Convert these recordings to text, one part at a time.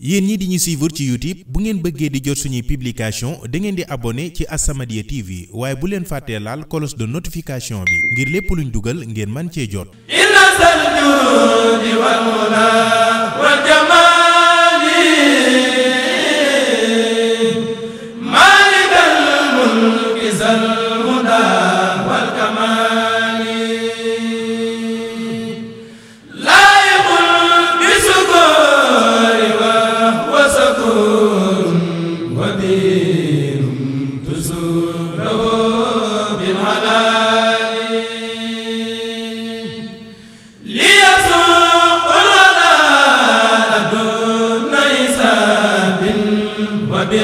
yéen ñi di ñu suivre ci YouTube bu ngeen bëggee di jot suñuy publication da di abonné ci As-Samadiyya TV waaye bu leen fàttee laal kolos de notification bi ngir lépp luñ dugal ngeen man cee jot illa sal judi wal muna wal jamali malikal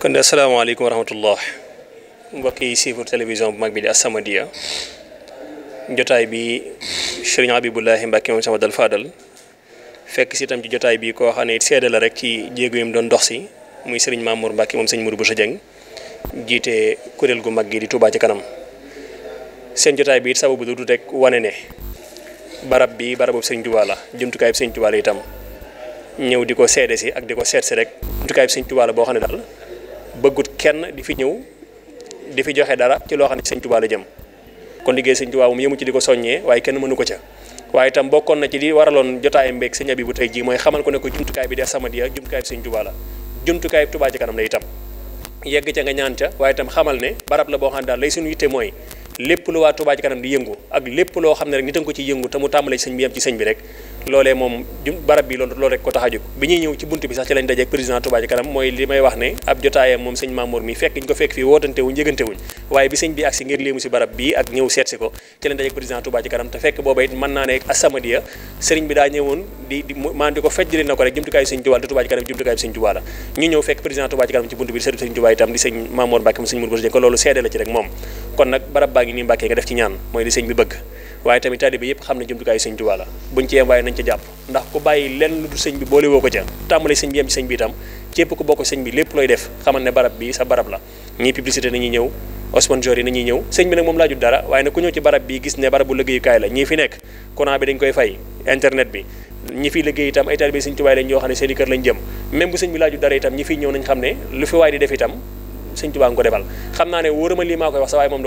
kon de asalaamaaleykum wa rahmatullah mbokk yi siifur télévision bu mag bi di sama samadiyya jotaay bi Serigne Habiboulahi Mbacke moom sama dal faadal fekk si itam ci jotaay bi koo xam ne it seede la rek ci jéego yi mu doon dox si muy Serigne Mamour Mbacke moom sëñ Mourou Bousso Dieng jiite kuréel gu mag gi di Touba ci kanam seen jotaay bi it sababu du rek wane ne. barab bi barabu sëñ Tuubaa la jumtukaay bi sëñ Tuubaa la itam ñëw di ko seede si ak di ko seet rek jumtukaay bi sëñ Tuubaa la boo xam ne daal bëggut kenn di fi ñëw di joxe dara ci loo xam ne sëñ Tuubaa kon liggéey sëñ Tuubaa mu yëmu ci di ko soññee waaye kenn mënu ko ca waaye itam bokkoon na ci li waraloon jotaay mbeeg sëñ Abibu tey jii mooy xamal ko ne ko jumtukaay bi de Samadiyya jumtukaay bi sëñ Tuubaa la jumtukaay bi Tuubaa ci kanam la itam yegg ca nga ñaan ca waaye itam xamal ne barab la boo xam ne daal lay suñu yitte mooy lépp lu waa Touba ci kanam di yëngu ak lépp loo xam ne rek nit a ko ci yëngu te mu tàmbalee ci sëñ bi yam ci sëñ bi rek loole moom jum barab bi loolu loolu rek ko tax a jóg bi ñuy ñëw ci bunt bi sax ci lañ dajeek président Touba ci kanam ñu ñëw seetsi ko ci lañ dajeek président Touba ci kanam te fekk booba it mën naa ne asamadiya sëriñ bi daa ñëwoon di di maanaam di ko fejjali na ko rek jumtukaayu sëñ Touba te ñëw fekk président Touba ci kanam ci bunt bi sëriñ sëriñ Touba itam di sëñ Mamour Mbacke mu sëñ Mourou Bousso ko loolu seede la ci rek moom kon nag barab baa ngi nii Mbacke nga def ci ñaan mooy li waaye tamit taalibe yëpp xam ne jumtukaay sëñ Tuubaa la buñ ci yem waaye nañ ca jàpp ndax ku bàyyi lenn lu du sëñ bi boole woo ko ca tàmbale sëñ bi yem ci sëñ bi itam képp ku bokk sëñ bi lépp looy def xamal ne barab bi sa barab la ñii publicité nañuy ñëw sponsor yi nañuy ñëw sëñ bi nag moom laajut dara waaye nag ku ñëw ci barab bi gis ne barabu liggéeyukaay la ñii fi nekk courant bi dañ koy fay internet bi ñi fiy liggéey itam ay taalibe sëñ Tuubaa lañ yoo xam ne seen i kër lañ jëm même bu sëñ bi laajut dara itam ñi fiy ñëw nañ xam ne lu fi waay di def itam sëñ Tuubaa lii maa koy wax sa waaye moom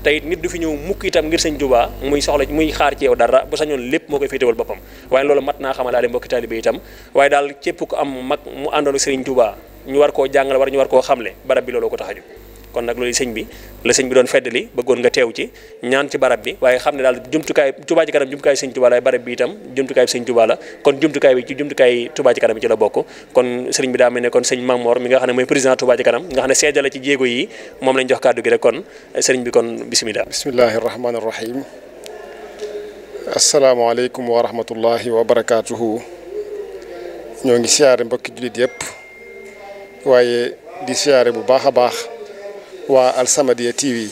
te it nit du fi ñëw mukk itam ngir sëñ Tuubaa muy soxla muy xaar ci yow dara sa sañoon lépp moo koy féetewal boppam waaye loolu mat naa xamalaale mbokki taalibe itam waaye daal képp ku am mag mu àndoon ak sëriñ ñu war koo jàngale war ñu war koo xamle barab bi looloo ko tax kon nag loolu sëñ bi la sëñ bi doon feddali bëggoon nga teew ci ñaan ci barab bi waaye xam ne daal jumtukaay Touba ci kanam jumtukaay sëñ Touba la barab bi itam jumtukaay bi sëñ Touba la kon jumtukaay bi ci jumtukaay Touba ci kanam ci la bokk kon sëriñ bi daa mel ne kon sëñ Mamor mi nga xam ne mooy président Touba ci kanam nga xam ne seedale ci jéego yi moom lañ jox kàddu gi rek kon sëriñ bi kon bisimilah bismillahi rahmaani rahim asalaamaaleykum wa rahmatullahi wa barakaatuhu ñoo ngi siyaare mbokki jullit yëpp waaye di siyaare bu baax a baax waa Al Samadiyya TV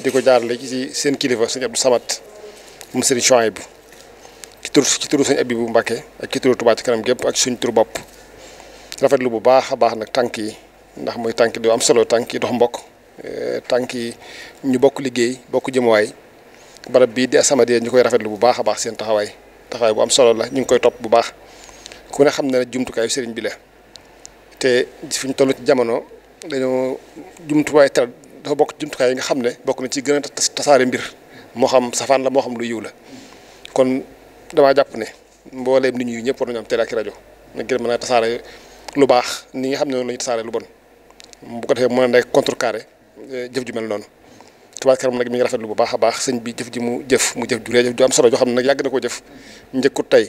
di ko jaar jaarale ci seen kilifa sëñ Abdou Samad moom sëriñ Chouaïb ci tur ci turu sëñ Abibou Mbacké ak ci turu Touba ci kanam gépp ak suñ turu bopp rafetlu bu baax a baax nag tànk yi ndax mooy tànk du am solo tànk yi dox mbokk eh, tànk yi ñu bokk liggéey bokk jëmuwaay barab bii di As-Samadiyya ñu koy rafetlu bu baax a baax seen taxawaay taxawaay bu am solo la ñu ngi koy topp bu baax ku ne xam na ne jumtukaayu sëriñ bi la te fi ñu toll ci jamono. dañoo jumtuwaay teel dafa bokk jumtukaay yi nga xam ne bokk na ci gën a tasaare mbir moo xam safaan la moo xam lu yiw la kon damaa jàpp ne mbooleem nit ñi ñëpp war nañ am télé ak rajo ñu gën mën a tasaare lu baax ni nga xam ne noonu la tasaare lu bon bu ko defee mën a nekk contrecarré eh, jëf ju mel noonu Touba Ca mu nag mi ngi rafetlu bu baax a baax sëñ bi jëf ji mu jëf mu jëf ju rëy jëf ju am solo joo xam ne nag yàgg na ko jëf njëkkut tey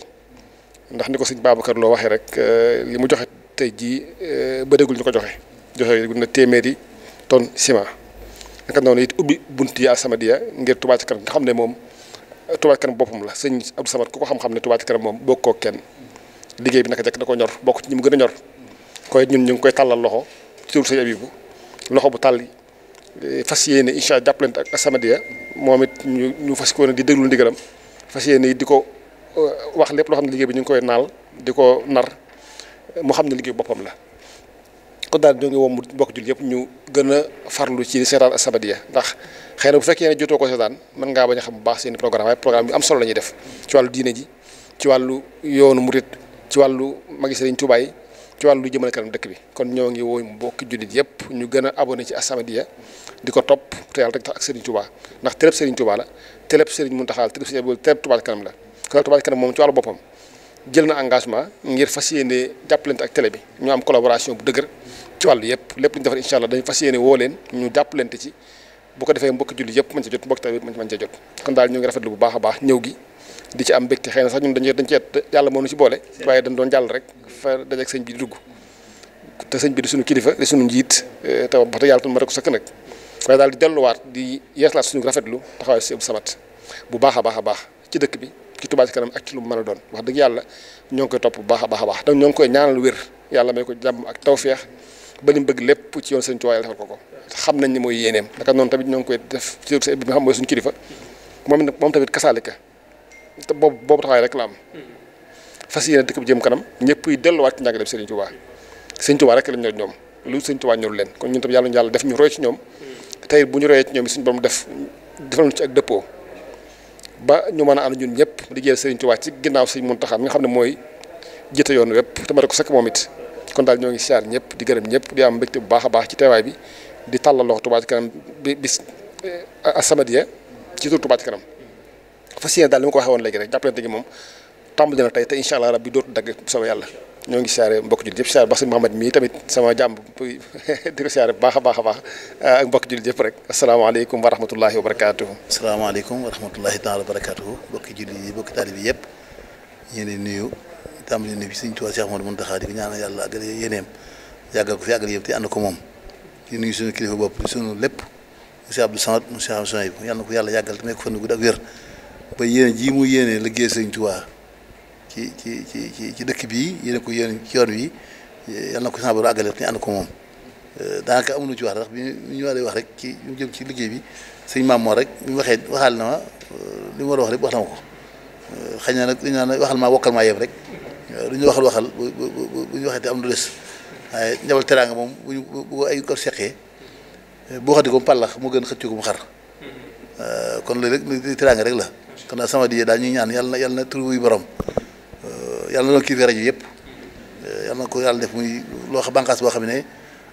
ndax ni ko sëñ Babacar loo waxee rek eh, li mu joxe tey jii eh, bëreegul ñu ko joxe joxe na téeméeri tonne ciment naka noonu it ubbi bunt yi As-Samadiyya ngir Touba Ca Kanam nga xam ne moom Touba Ca Kanam boppam la sëñ Abdou Samad ku ko xam-xam ne Touba Ca Kanam moom bokk koo kenn liggéey bi naka jekk ko ñor bokk ci ñi mu gën a koy ñun ñu ngi koy tàllal loxo ci tur loxo bu tàlli fas yéene incha allah ak as moom it ñu ñu fas ko ne di déglu ndigalam fas yéene di ko euh, wax lépp loo xam ne liggéey bi ñu ngi koy naal di ko nar mu xam ne liggéey boppam la kon daal ñoo ngi wom mbokk jullit yëpp ñu gën a farlu ci seetaan As-Samadiyya ndax xëy na bu fekkee ne jotoo ko seetaan mën nga bañ a xam bu baax seen programme waaye programme bi am solo la def ci wàllu diine ji ci wàllu yoonu murit ci wàllu magi Sëriñ tubaay ci wàllu jëmale kanam dëkk bi kon ñoo ngi woo mbokki jullit yëpp ñu gën a abonné ci As-Samadiyya di ko topp te yàlla rek tax ak Sëriñ Tuubaa ndax télép Sëriñ Tuubaa la télép Sëriñ Muntaxa télép télép Tuubaa ci kanam moom ci wàllu boppam jël na engagement ngir fas yéene jàppalante ak télé bi ñu am collaboration bu dëgër ci wàll yëpp lépp lu ñu defar incha allah dañu fas yéene woo leen ñu jàpp jàppalante ci bu ko defee mbokki julli yëpp mën ca jot mbokki tamit mën ca jot kon daal ñu ngi rafetlu bu baax ci am mbégte xëy na sax ñun dañu dañ ci et moo ñu boole waaye dañ doon jàll rek fa dajeeg sëñ bi di dugg te sëñ bi di suñu kilifa suñu njiit eh, te wax dëgg yàlla tam ma rek sëkk nag waaye daal di delluwaat di yeeslaat suñu rafetlu taxawaay si samat bu baax a baax a baax ci dëkk bi ci Touba Ca Kanam ak ci lu mu mën a doon wax dëgg yàlla ñoo ngi koy topp bu baax a baax a baax donc ñoo ngi koy ñaanal wér yàlla may ko jàmm ak tawfeex ba li mu bëgg lépp ci yoon Sëriñ Tuubaa defal ko ko xam nañ ni mooy yéeneem naka noonu tamit ñoo ngi koy def ci sa bi nga xam mooy suñu boobu boobu taxawaay rek la am fas yéene dëkk jëm kanam ñëpp yi delluwaat ci njàngaleem Sëriñ Tuubaa Sëriñ Tuubaa rek lañ ñor ñoom lu Sëriñ Tuubaa ñorul leen kon ñun tam yàlla yàlla def ñu roy ci ñoom tey bu ñu royee ci ñoom suñu borom def defal ñu ci ak dëppoo ba ñu man a ànd ñun ñëpp liggéeyal Sëriñ Tuubaa ci ginnaaw Sëriñ Muntaxa taxaam nga xam ne mooy jiite yoon wépp te ma ko sakk moom it kon daal ñoo ngi siyaar ñëpp di gërëm ñëpp di am mbégte bu baax a baax ci teewaay bi di tàllal loxo Touba Ca Kanam bi bis eh, asamadiya ci tur Touba Ca Kanam fas yéene daal li ma ko waxee woon léegi rek jàppalante gi moom tàmbali na tey te incha allah rabbi dootu dagg sama yàlla ñoo ngi siyaare mbokk jullit yëpp siyaare ba sëñ Mouhamed mii tamit sama jàmb di ko siyaare bu baax a baax a baax eh, ak mbokk jullit yépp rek asalaamaaleykum wa rahmatullahi wa barakaatuhu asalaamaaleykum wa rahmatullahi taala wa barakaatuhu mbokki jullit yi mbokki taalibi yëpp ñu nuyu tàmbali ne bi sëñ Tuubaa Cheikh Ahmadou Mountakha di ko ñaanal yàlla àggal yéeneem yàggal ko fi yàggal yëpp te ànd ko moom di nuyu suñu kilifa bopp suñu lépp monsieur Abdou Samad monsieur Amson yi yàlla na ko yàlla yàggal te may ko fan gudd ak wér ba yéene jii mu yéene liggéey sëñ Tuubaa ci ci ci ci ci dëkk bii yéene ko yéene ci yoon wi yàlla na ko sama borom àggale te ànd ko moom euh, daanaka amuñu ci wax ndax bi ñu war a wax rek ci mu jëm ci liggéey bi sëñ maam moo rek bi mu waxee waxaal na ma euh, li mu war a wax rek wax na ma ko euh, xëy na nag li ñu lu ñu waxal waxal bu bu bu bu ñu waxee te am du des waaye njabal teraanga moom bu bu ay ko seqee eh, boo xati ko mu pàllax mu gën xëccu ko mu xar eh, kon loolu rek teraanga rek la xanaa sama dijee daal ñuy ñaan yàlla na yàlla na tur wuy borom eh, yàlla na doon kii fi rajo yëpp yàlla na ko yàlla def muy loo xam bànqaas boo xam ne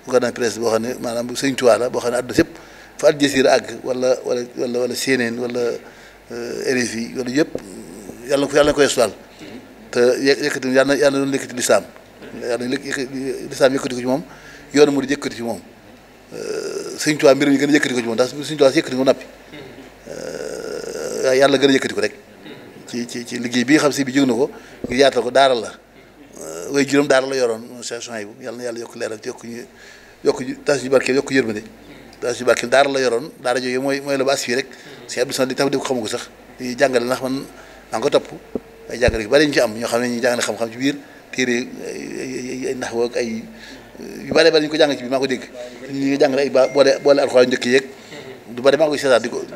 organe presse boo xam ne maanaam bu Sëñ Tuubaa la boo xam ne àdduna yëpp fa at jësiir àgg wala wala wala wala CNN wala RFI wala yëpp yàlla na ko yàlla na ko yeesu daal te yëkkati yal na yal na doon yëkkati lislaam yal na lislaam yëkkati ko ci moom yoonu mu di yëkkati ci moom euh, Sëñ Tuubaa mbir mi gën a yëkkati ko ci moom ndax Sëñ Tuubaa yëkkati ko nappi euh, yàlla a yëkkati ko bi xam si bi jóg na ko ngir yaatal ko daara la euh, way juróom daara la yoroon moom station yi bu yàlla na yàlla yokk leeral yokk ñu yokk tas ñu barkeel yokk yërmande tas ñu barkeel daara la yoroon daara jooju mooy mooy la ba as rek si Abdou Samad di tax di ko xamu ko sax di jàngale ndax man maa topp ay jàngale yu bari ñu ci am ñoo xam ne ñu jàng xam-xam ci biir téere ay nax ak ay yu bari bari ñu ko jàng ci biir maa ko dégg ñu ngi ba boole boole njëkk yeeg du bari maa ko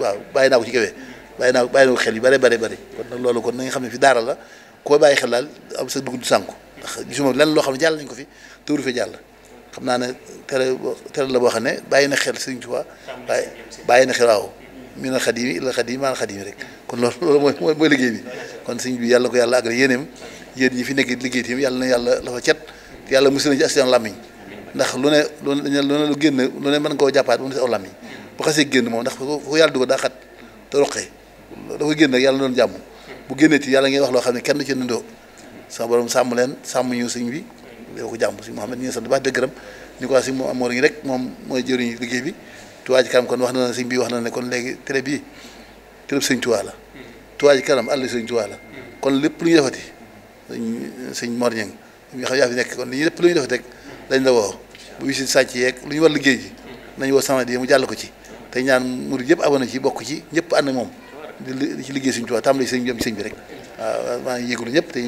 waaw bàyyi naa ko ci kawee bàyyi naa bàyyi naa ko xel yu bari bari bari kon nag loolu ne fi daara la koo bàyyi xel daal am sa dugub du sànku ndax gisuma lan loo xam ne jàll nañ ko fi tuuru fi jàll xam naa ne tere tere la boo xam ne bàyyi na xel Sëriñ Tuubaa bàyyi na xel waaw mi na xadim yi illa yi maan xadim yi rek kon loolu loolu mooy mooy liggéey bi kon sëñ bi yàlla na ko yàlla àggal yéeneem yéen ñi fi nekk liggéey tamit yàlla na yàlla la fa cet te yàlla musi na ci accident làmmiñ ndax lu ne lu ne lu génn lu ne mën koo jàppaat bu mu si aw làmmiñ bu xasee génn moom ndax ko yàlla dugal daa xat te roqee dafa génn yàlla na doon jàmm bu génnee ci yàlla ngay wax loo xam ne kenn ci nundoo sama borom leen sàmm ñu sëñ bi def ko jàmm sëñ Mouhamed ñu ngi sant baax dëgg gërëm ni ko si moom amoor yi rek moom mooy jëriñu liggéey bi Touba Ca Kanam kon wax na ne sëñ bi wax na ne kon léegi télé bi télé sëñ Touba la Touba Ca Kanam àll Sëriñ Touba la kon lépp lu ñu defati sëñ Mor Ñang mi nga xam yaa fi nekk kon li ñuy lépp lu ñu defati rek dañ la woo bu wisit sàcc yeeg lu ñu war liggéey ji nañ woo sama di mu jàll ko ci te ñaan murid yëpp abonné ci bokk ci ñëpp ànd ak moom di ci liggéey Sëriñ Touba tam lay sëñ bi sëñ bi rek waaw maa ngi yëgulu ñëpp te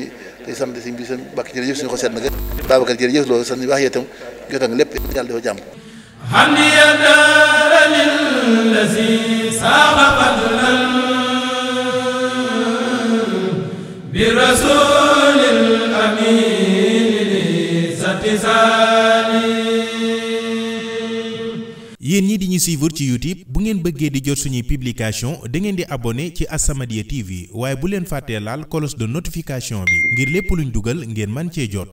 tey sant sëñ bi sëñ Mbàkke jërëjëf suñu ko seet na gën Babacar jërëjëf loolu sant wax yee tam jotal nga lépp yàlla dafa jàmm هل يدار للذي لرسول الأمين yéen ñi di ñu suivre ci YouTube bu ngeen bëggee di jot suñuy publication da ngeen di abonné ci As-Samadiyya TV waaye bu leen fàttee laal cloche de notification bi ngir lépp luñ dugal ngeen man cee jot